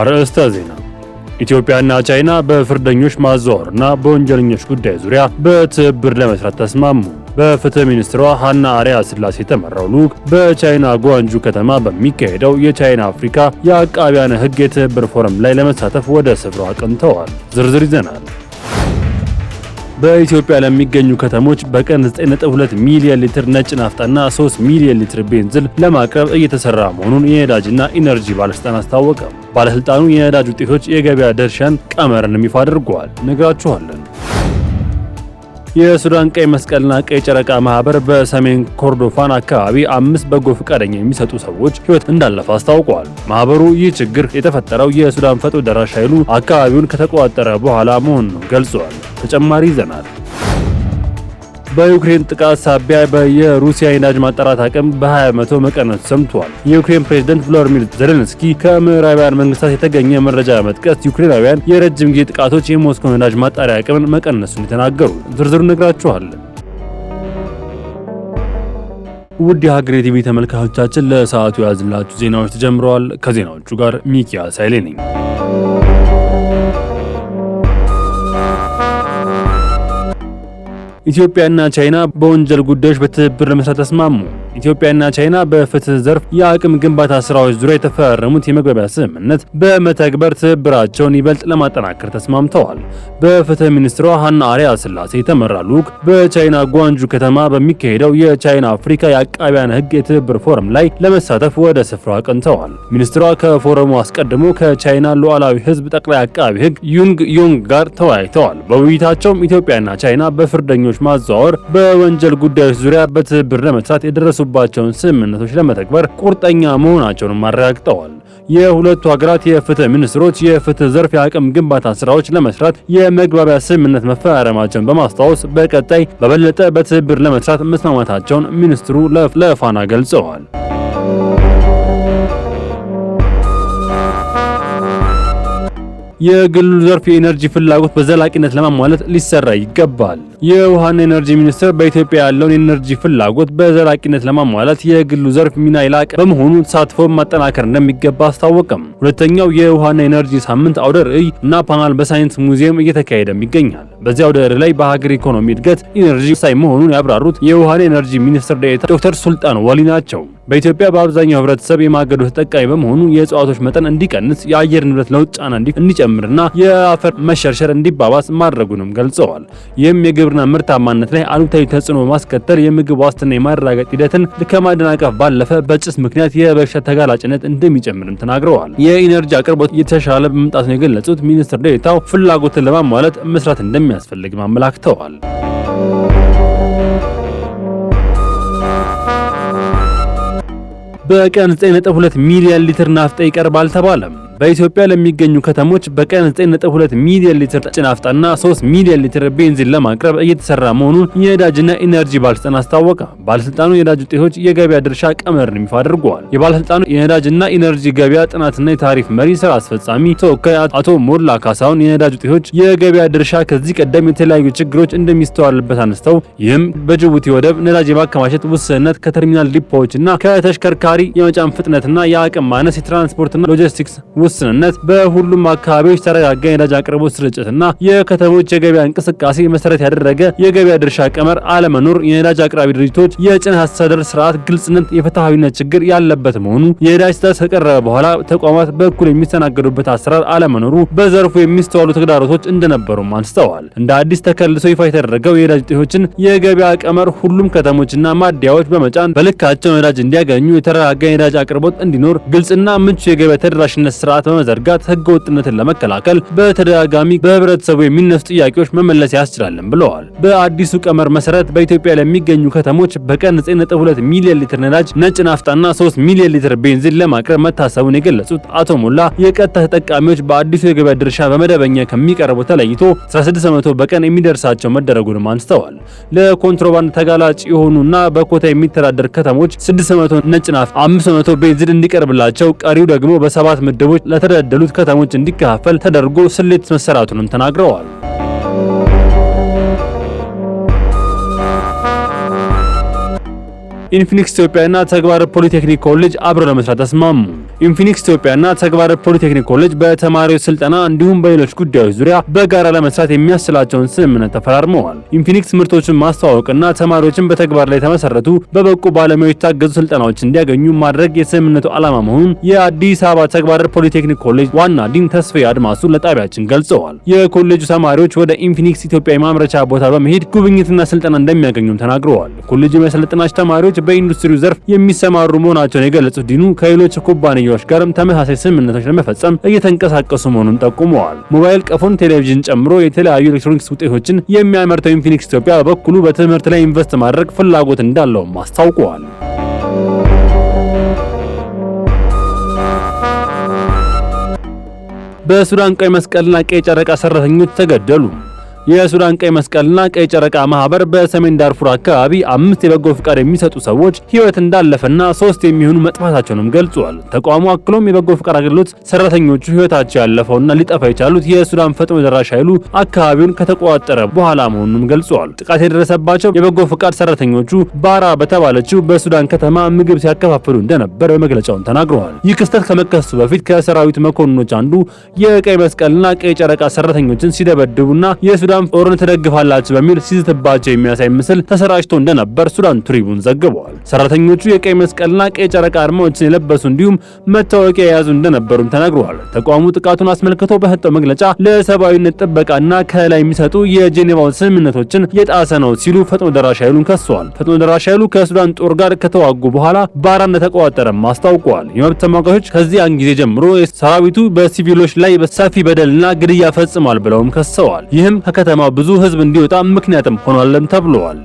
አርዕስተ ዜና ኢትዮጵያና ቻይና በፍርደኞች ማዘዋወርና በወንጀለኞች ጉዳይ ዙሪያ በትብብር ለመስራት ተስማሙ። በፍትህ ሚኒስትሯ ሃና አሪያ ስላሴ የተመራው ልዑክ በቻይና ጓንጁ ከተማ በሚካሄደው የቻይና አፍሪካ የአቃቢያነ ሕግ የትብብር ፎረም ላይ ለመሳተፍ ወደ ስፍራው አቅንተዋል። ዝርዝር ይዘናል። በኢትዮጵያ ለሚገኙ ከተሞች በቀን 9.2 ሚሊዮን ሊትር ነጭ ናፍጣና 3 ሚሊዮን ሊትር ቤንዝል ለማቅረብ እየተሰራ መሆኑን የነዳጅና ኢነርጂ ባለስልጣን አስታወቀ። ባለስልጣኑ የነዳጅ ውጤቶች የገበያ ድርሻን ቀመርን ይፋ አድርጓል። ነግራችኋለን። የሱዳን ቀይ መስቀልና ቀይ ጨረቃ ማህበር በሰሜን ኮርዶፋን አካባቢ አምስት በጎ ፈቃደኛ የሚሰጡ ሰዎች ሕይወት እንዳለፈ አስታውቋል። ማህበሩ ይህ ችግር የተፈጠረው የሱዳን ፈጥኖ ደራሽ ኃይሉ አካባቢውን ከተቆጣጠረ በኋላ መሆኑን ገልጿል። ተጨማሪ ይዘናል። በዩክሬን ጥቃት ሳቢያ የሩሲያ የነዳጅ ማጣራት አቅም በ20 በመቶ መቀነሱ ሰምቷል። የዩክሬን ፕሬዝደንት ቮሎዲሚር ዜሌንስኪ ከምዕራባውያን መንግስታት የተገኘ መረጃ መጥቀስ ዩክሬናውያን የረጅም ጊዜ ጥቃቶች የሞስኮ ነዳጅ ማጣሪያ አቅምን መቀነሱን የተናገሩ። ዝርዝሩ ነግራችኋለን። ውድ የሀገሬ ቲቪ ተመልካቾቻችን ለሰዓቱ የያዝላችሁ ዜናዎች ተጀምረዋል። ከዜናዎቹ ጋር ሚኪያስ ኃይሌ ነኝ። ኢትዮጵያና ቻይና በወንጀል ጉዳዮች በትብብር ለመስራት ተስማሙ። ኢትዮጵያና ቻይና በፍትህ ዘርፍ የአቅም ግንባታ ስራዎች ዙሪያ የተፈረሙት የመግባቢያ ስምምነት በመተግበር ትብብራቸውን ይበልጥ ለማጠናከር ተስማምተዋል። በፍትህ ሚኒስትሯ ሀና አሪያ ስላሴ የተመራ ልዑክ በቻይና ጓንጁ ከተማ በሚካሄደው የቻይና አፍሪካ የአቃቢያን ህግ የትብብር ፎረም ላይ ለመሳተፍ ወደ ስፍራው አቅንተዋል። ሚኒስትሯ ከፎረሙ አስቀድሞ ከቻይና ሉዓላዊ ህዝብ ጠቅላይ አቃቢ ህግ ዩንግ ዩንግ ጋር ተወያይተዋል። በውይይታቸውም ኢትዮጵያና ቻይና በፍርደኞች ማዘዋወር፣ በወንጀል ጉዳዮች ዙሪያ በትብብር ለመስራት የደረሱ የደረሱባቸውን ስምምነቶች ለመተግበር ቁርጠኛ መሆናቸውን አረጋግጠዋል። የሁለቱ ሀገራት የፍትህ ሚኒስትሮች የፍትህ ዘርፍ የአቅም ግንባታ ስራዎች ለመስራት የመግባቢያ ስምምነት መፈራረማቸውን በማስታወስ በቀጣይ በበለጠ በትብብር ለመስራት መስማማታቸውን ሚኒስትሩ ለፋና ገልጸዋል። የግሉ ዘርፍ የኢነርጂ ፍላጎት በዘላቂነት ለማሟላት ሊሰራ ይገባል። የውሃና ኤነርጂ ሚኒስቴር በኢትዮጵያ ያለውን ኤነርጂ ፍላጎት በዘላቂነት ለማሟላት የግሉ ዘርፍ ሚና የላቀ በመሆኑ ተሳትፎ ማጠናከር እንደሚገባ አስታወቀም። ሁለተኛው የውሃና ኤነርጂ ሳምንት አውደ ርዕይ እና ፓናል በሳይንስ ሙዚየም እየተካሄደም ይገኛል። በዚያ አውደ ርዕይ ላይ በሀገር ኢኮኖሚ እድገት ኢነርጂ ወሳኝ መሆኑን ያብራሩት የውሃና ኤነርጂ ሚኒስትር ዴኤታ ዶክተር ሱልጣን ወሊ ናቸው። በኢትዮጵያ በአብዛኛው ህብረተሰብ የማገዶ ተጠቃሚ በመሆኑ የእጽዋቶች መጠን እንዲቀንስ፣ የአየር ንብረት ለውጥ ጫና እንዲጨምርና የአፈር መሸርሸር እንዲባባስ ማድረጉንም ገልጸዋል። ይህም የግብርና ምርታማነት ላይ አሉታዊ ተጽዕኖ በማስከተል የምግብ ዋስትና የማረጋገጥ ሂደትን ከማደናቀፍ ባለፈ በጭስ ምክንያት የበሽታ ተጋላጭነት እንደሚጨምርም ተናግረዋል። የኢነርጂ አቅርቦት የተሻለ ነው የገለጹት ሚኒስትር ዴኤታው ፍላጎትን ለማሟላት መስራት እንደሚያስፈልግም አመላክተዋል። በቀን 9.2 ሚሊዮን ሊትር ናፍጣ ይቀርባል ተባለም። በኢትዮጵያ ለሚገኙ ከተሞች በቀን 9.2 ሚሊዮን ሊትር ጭናፍጣና 3 ሚሊዮን ሊትር ቤንዚን ለማቅረብ እየተሰራ መሆኑን የነዳጅና ኢነርጂ ባለስልጣን አስታወቀ። ባለስልጣኑ የነዳጅ ውጤቶች የገበያ ድርሻ ቀመርን ይፋ አድርጓል። የባለስልጣኑ የነዳጅና ኢነርጂ ገበያ ጥናትና የታሪፍ መሪ ስራ አስፈጻሚ ተወካይ አቶ ሞላ ካሳሁን የነዳጅ ውጤቶች የገበያ ድርሻ ከዚህ ቀደም የተለያዩ ችግሮች እንደሚስተዋልበት አነስተው ይህም በጅቡቲ ወደብ ነዳጅ የማከማቸት ውስንነት፣ ከተርሚናል ዲፖዎችና ከተሽከርካሪ የመጫን ፍጥነትና የአቅም ማነስ፣ የትራንስፖርትና ሎጂስቲክስ ውስንነት በሁሉም አካባቢዎች ተረጋጋ የነዳጅ አቅርቦት ስርጭትና የከተሞች የገበያ እንቅስቃሴ መሰረት ያደረገ የገበያ ድርሻ ቀመር አለመኖር የነዳጅ አቅራቢ ድርጅቶች የጭነት አስተዳደር ስርዓት ግልጽነት፣ የፍትሐዊነት ችግር ያለበት መሆኑ የነዳጅ ስታስ ከቀረበ በኋላ ተቋማት በኩል የሚስተናገዱበት አሰራር አለመኖሩ በዘርፉ የሚስተዋሉ ተግዳሮቶች እንደነበሩም አንስተዋል። እንደ አዲስ ተከልሶ ይፋ የተደረገው የነዳጅ ውጤቶችን የገበያ ቀመር ሁሉም ከተሞችና ማደያዎች በመጫን በልካቸው ነዳጅ እንዲያገኙ የተረጋጋ የነዳጅ አቅርቦት እንዲኖር ግልጽና ምቹ የገበያ ተደራሽነት ስርዓት ስርዓት በመዘርጋት ህገ ወጥነትን ለመከላከል በተደጋጋሚ በህብረተሰቡ የሚነሱ ጥያቄዎች መመለስ ያስችላልን ብለዋል። በአዲሱ ቀመር መሰረት በኢትዮጵያ ለሚገኙ ከተሞች በቀን 9.2 ሚሊዮን ሊትር ነዳጅ፣ ነጭ ናፍጣና 3 ሚሊዮን ሊትር ቤንዚን ለማቅረብ መታሰቡን የገለጹት አቶ ሞላ የቀጥታ ተጠቃሚዎች በአዲሱ የገበያ ድርሻ በመደበኛ ከሚቀርቡ ተለይቶ 16 በቀን የሚደርሳቸው መደረጉንም አንስተዋል። ለኮንትሮባንድ ተጋላጭ የሆኑና በኮታ የሚተዳደር ከተሞች 600 ነጭ ናፍጣ፣ 500 ቤንዚን እንዲቀርብላቸው ቀሪው ደግሞ በሰባት ምድቦች ለተደለደሉት ከተሞች እንዲከፋፈል ተደርጎ ስሌት መሰራቱንም ተናግረዋል። ኢንፊኒክስ ኢትዮጵያና ተግባር ፖሊቴክኒክ ኮሌጅ አብረው ለመስራት ተስማሙ። ኢንፊኒክስ ኢትዮጵያና ተግባር ፖሊቴክኒክ ኮሌጅ በተማሪዎች ስልጠና እንዲሁም በሌሎች ጉዳዮች ዙሪያ በጋራ ለመስራት የሚያስችላቸውን ስምምነት ተፈራርመዋል። ኢንፊኒክስ ምርቶችን ማስተዋወቅና ተማሪዎችን በተግባር ላይ የተመሰረቱ በበቁ ባለሙያዎች የታገዙ ስልጠናዎች እንዲያገኙ ማድረግ የስምምነቱ ዓላማ መሆኑን የአዲስ አበባ ተግባር ፖሊቴክኒክ ኮሌጅ ዋና ዲን ተስፋዬ አድማሱ ለጣቢያችን ገልጸዋል። የኮሌጁ ተማሪዎች ወደ ኢንፊኒክስ ኢትዮጵያ የማምረቻ ቦታ በመሄድ ጉብኝትና ስልጠና እንደሚያገኙም ተናግረዋል። ኮሌጁ የሚያሰለጥናቸው ተማሪዎች ኩባንያዎች በኢንዱስትሪው ዘርፍ የሚሰማሩ መሆናቸውን የገለጹት ዲኑ ከሌሎች ኩባንያዎች ጋርም ተመሳሳይ ስምምነቶች ለመፈጸም እየተንቀሳቀሱ መሆኑን ጠቁመዋል። ሞባይል ቀፎን፣ ቴሌቪዥን ጨምሮ የተለያዩ ኤሌክትሮኒክስ ውጤቶችን የሚያመርተው ኢንፊኒክስ ኢትዮጵያ በበኩሉ በትምህርት ላይ ኢንቨስት ማድረግ ፍላጎት እንዳለውም አስታውቀዋል። በሱዳን ቀይ መስቀልና ቀይ ጨረቃ ሰራተኞች ተገደሉ። የሱዳን ቀይ መስቀልና ቀይ ጨረቃ ማህበር በሰሜን ዳርፉር አካባቢ አምስት የበጎ ፍቃድ የሚሰጡ ሰዎች ህይወት እንዳለፈና ሶስት የሚሆኑ መጥፋታቸውንም ገልጿል። ተቋሙ አክሎም የበጎ ፍቃድ አገልግሎት ሰራተኞቹ ህይወታቸው ያለፈውና ሊጠፋ የቻሉት የሱዳን ፈጥኖ ደራሽ ኃይሉ አካባቢውን ከተቆጣጠረ በኋላ መሆኑንም ገልጿል። ጥቃት የደረሰባቸው የበጎ ፍቃድ ሰራተኞቹ ባራ በተባለችው በሱዳን ከተማ ምግብ ሲያከፋፍሉ እንደነበር በመግለጫውን ተናግረዋል። ይህ ክስተት ከመከሰቱ በፊት ከሰራዊት መኮንኖች አንዱ የቀይ መስቀልና ቀይ ጨረቃ ሰራተኞችን ሲደበድቡና የሱዳን ሱዳን ጦርን ትደግፋላችሁ በሚል ሲዝትባቸው የሚያሳይ ምስል ተሰራጭቶ እንደነበር ሱዳን ትሪቡን ዘግቧል። ሰራተኞቹ የቀይ መስቀልና ቀይ ጨረቃ አርማዎችን የለበሱ እንዲሁም መታወቂያ የያዙ እንደነበሩም ተናግረዋል። ተቋሙ ጥቃቱን አስመልክቶ በሰጠው መግለጫ ለሰብአዊነት ጥበቃና ከላይ የሚሰጡ የጄኔቫው ስምምነቶችን የጣሰ ነው ሲሉ ፈጥኖ ደራሽ ኃይሉን ከሰዋል። ፈጥኖ ደራሽ ኃይሉ ከሱዳን ጦር ጋር ከተዋጉ በኋላ ባራ እንደተቆጣጠረም አስታውቀዋል። የመብት ተሟጋቾች ከዚያን ጊዜ ጀምሮ ሰራዊቱ በሲቪሎች ላይ በሰፊ በደልና ግድያ ፈጽሟል ብለውም ከሰዋል። ይህም ከከተማው ብዙ ህዝብ እንዲወጣ ምክንያትም ሆኗለም ተብሏል።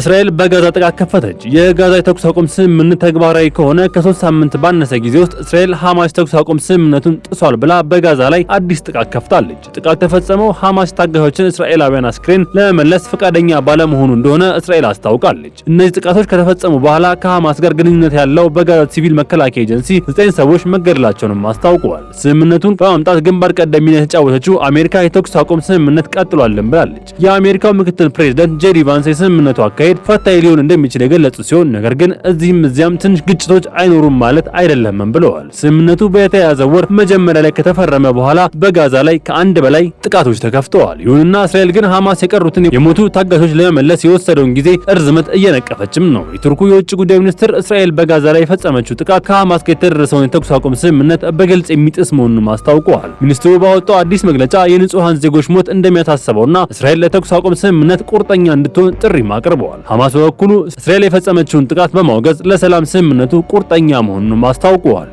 እስራኤል በጋዛ ጥቃት ከፈተች። የጋዛ የተኩስ አቁም ስምምነት ተግባራዊ ከሆነ ከሶስት ሳምንት ባነሰ ጊዜ ውስጥ እስራኤል ሐማስ ተኩስ አቁም ስምምነቱን ጥሷል ብላ በጋዛ ላይ አዲስ ጥቃት ከፍታለች። ጥቃት የተፈጸመው ሐማስ ታጋዮችን እስራኤላውያን አስክሬን ለመመለስ ፈቃደኛ ባለመሆኑ እንደሆነ እስራኤል አስታውቃለች። እነዚህ ጥቃቶች ከተፈጸሙ በኋላ ከሐማስ ጋር ግንኙነት ያለው በጋዛ ሲቪል መከላከያ ኤጀንሲ ዘጠኝ ሰዎች መገደላቸውንም አስታውቀዋል። ስምምነቱን በማምጣት ግንባር ቀደሚነት የተጫወተችው አሜሪካ የተኩስ አቁም ስምምነት ቀጥሏልን ብላለች። የአሜሪካው ምክትል ፕሬዚደንት ጄዲ ቫንስ የስምምነቱ አካሄድ አካሄድ ፈታኝ ሊሆን እንደሚችል የገለጹ ሲሆን ነገር ግን እዚህም እዚያም ትንሽ ግጭቶች አይኖሩም ማለት አይደለም ብለዋል። ስምምነቱ በተያያዘ ወር መጀመሪያ ላይ ከተፈረመ በኋላ በጋዛ ላይ ከአንድ በላይ ጥቃቶች ተከፍተዋል። ይሁንና እስራኤል ግን ሐማስ የቀሩትን የሞቱ ታጋቾች ለመመለስ የወሰደውን ጊዜ እርዝመት እየነቀፈችም ነው። የቱርኩ የውጭ ጉዳይ ሚኒስትር እስራኤል በጋዛ ላይ የፈጸመችው ጥቃት ከሐማስ ጋር የተደረሰውን የተኩስ አቁም ስምምነት በግልጽ የሚጥስ መሆኑን አስታውቀዋል። ሚኒስትሩ ባወጣው አዲስ መግለጫ የንጹሐን ዜጎች ሞት እንደሚያሳስበውና እስራኤል ለተኩስ አቁም ስምምነት ቁርጠኛ እንድትሆን ጥሪም አቅርበዋል። አስታውቀዋል። ሐማስ በበኩሉ እስራኤል የፈጸመችውን ጥቃት በማውገዝ ለሰላም ስምምነቱ ቁርጠኛ መሆኑንም አስታውቀዋል።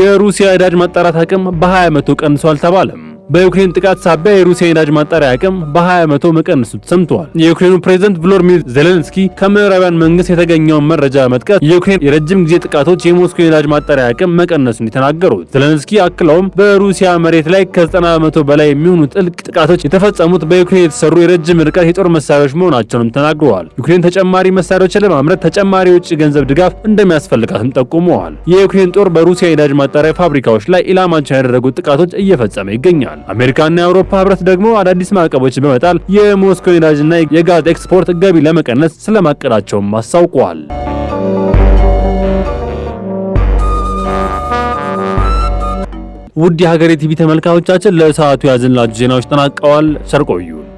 የሩሲያ የነዳጅ ማጣራት አቅም በ20 በመቶ ቀንሷል ተባለም። በዩክሬን ጥቃት ሳቢያ የሩሲያ የነዳጅ ማጣሪያ አቅም በ20 በመቶ መቀነሱ ተሰምተዋል። የዩክሬኑ ፕሬዝዳንት ቮሎዲሚር ዜሌንስኪ ከምዕራባውያን መንግስት የተገኘውን መረጃ መጥቀስ የዩክሬን የረጅም ጊዜ ጥቃቶች የሞስኮ የነዳጅ ማጣሪያ አቅም መቀነሱን የተናገሩት ዜሌንስኪ አክለውም በሩሲያ መሬት ላይ ከ90 በመቶ በላይ የሚሆኑ ጥልቅ ጥቃቶች የተፈጸሙት በዩክሬን የተሰሩ የረጅም ርቀት የጦር መሳሪያዎች መሆናቸውንም ተናግረዋል። ዩክሬን ተጨማሪ መሳሪያዎችን ለማምረት ተጨማሪ የውጭ ገንዘብ ድጋፍ እንደሚያስፈልጋትም ጠቁመዋል። የዩክሬን ጦር በሩሲያ የነዳጅ ማጣሪያ ፋብሪካዎች ላይ ኢላማቸው ያደረጉት ጥቃቶች እየፈጸመ ይገኛል። ይችላል። አሜሪካና የአውሮፓ ህብረት ደግሞ አዳዲስ ማዕቀቦችን በመጣል የሞስኮ የነዳጅና የጋዝ ኤክስፖርት ገቢ ለመቀነስ ስለማቀዳቸውም አስታውቀዋል። ውድ የሀገሬ ቲቪ ተመልካቾቻችን ለሰዓቱ ያዝንላችሁ ዜናዎች ተጠናቀዋል። ቸር